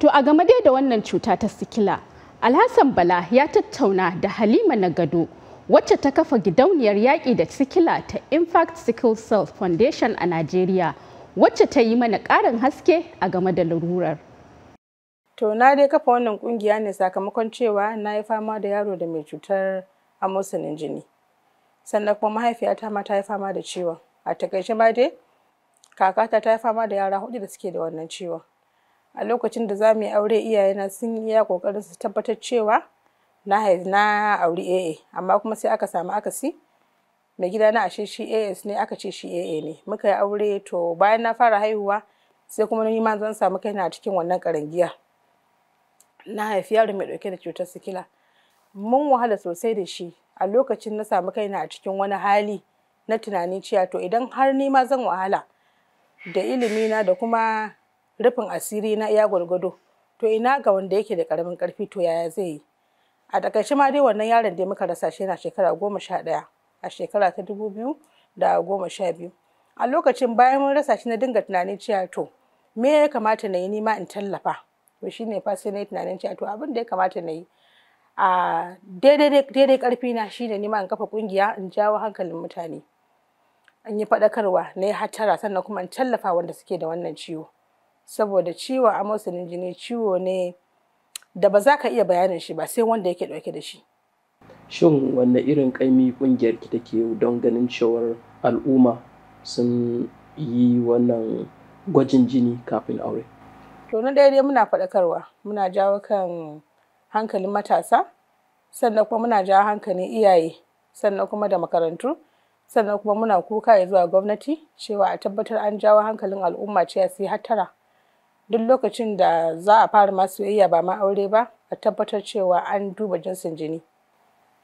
To a game dai da wannan cuta ta sikila, Alhassan Bala ya tattauna da Halima na gado wacce ta kafa gidauniyar yaƙi da sikila ta Infact Sickle Cell Foundation a Najeriya wacce ta yi mana ƙarin haske a game da larurar. To na dai kafa wannan ƙungiya ne sakamakon cewa na yi fama da yaro da mai cutar amosanin jini. Sannan kuma mahaifiyata ma ta yi fama da ciwon. A takaice ma dai kakata ta yi fama da yara hudu da suke da wannan ciwon. a lokacin da za mu yi aure iyayena sun yi iya ƙoƙarin su tabbatar cewa na na auri AA amma kuma sai aka samu akasi mai gida na ashe shi AS ne aka ce shi AA ne muka yi aure to bayan na fara haihuwa sai kuma ni ma zan samu kaina a cikin wannan karangiya na haifi yaro mai dauke da cutar sikila mun wahala sosai da shi a lokacin na samu kaina a cikin wani hali na tunanin cewa to idan har ni ma zan wahala da ilimina da kuma rufin asiri na iya gwargwado to ina ga wanda yake da karamin karfi to yaya zai yi a takaice ma dai wannan yaron da muka rasa shi yana shekara goma sha ɗaya a shekara ta dubu biyu da goma sha biyu a lokacin bayan mun rasa shi na dinga tunanin cewa to me ya kamata na yi nima in tallafa to shi ne fasi na yi tunanin cewa to abin da ya kamata na yi a daidai karfi na ne nima in kafa kungiya in jawo hankalin mutane an yi faɗakarwa na yi hattara sannan kuma in tallafa wanda suke da wannan ciwo saboda ciwo a amosanin jini ciwo ne da ba za ka iya bayanin shi ba sai wanda yake dauke da shi shin wanne irin kaimi kungiyar ki take don ganin cewar al'umma sun yi wannan gwajin jini kafin aure to na dai muna faɗakarwa muna jawo kan hankalin matasa sannan kuma muna jawo hankalin iyaye sannan kuma da makarantu sannan kuma muna kuka ya zuwa gwamnati cewa a tabbatar an jawo hankalin al'umma ce su yi hattara duk lokacin da za a fara ma iya ba ma aure ba a tabbatar cewa an duba jinsin jini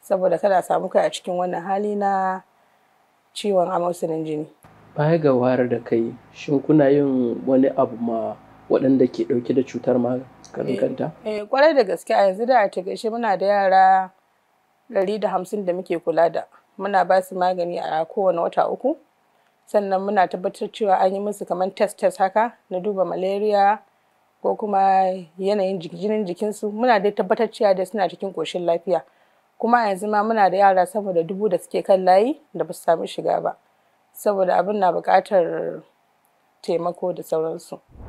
saboda kada a samu kai a cikin wannan hali na ciwon amosinin jini baya ga wayar da kai shin kuna yin wani abu ma waɗanda ke ɗauke da cutar eh, kanta? eh kwarai da gaske a yanzu da a tagaishe muna da yara ɗari da hamsin da muke kula da muna ba su magani a kowane wata uku sannan muna tabbatar cewa an yi musu kamar test test haka na duba malaria ko kuma yanayin jinin jikinsu muna dai tabbatar cewa dai suna cikin koshin lafiya kuma a yanzu ma muna da yara saboda dubu da suke kan layi da ba su sami shiga ba saboda abin na buƙatar taimako da sauransu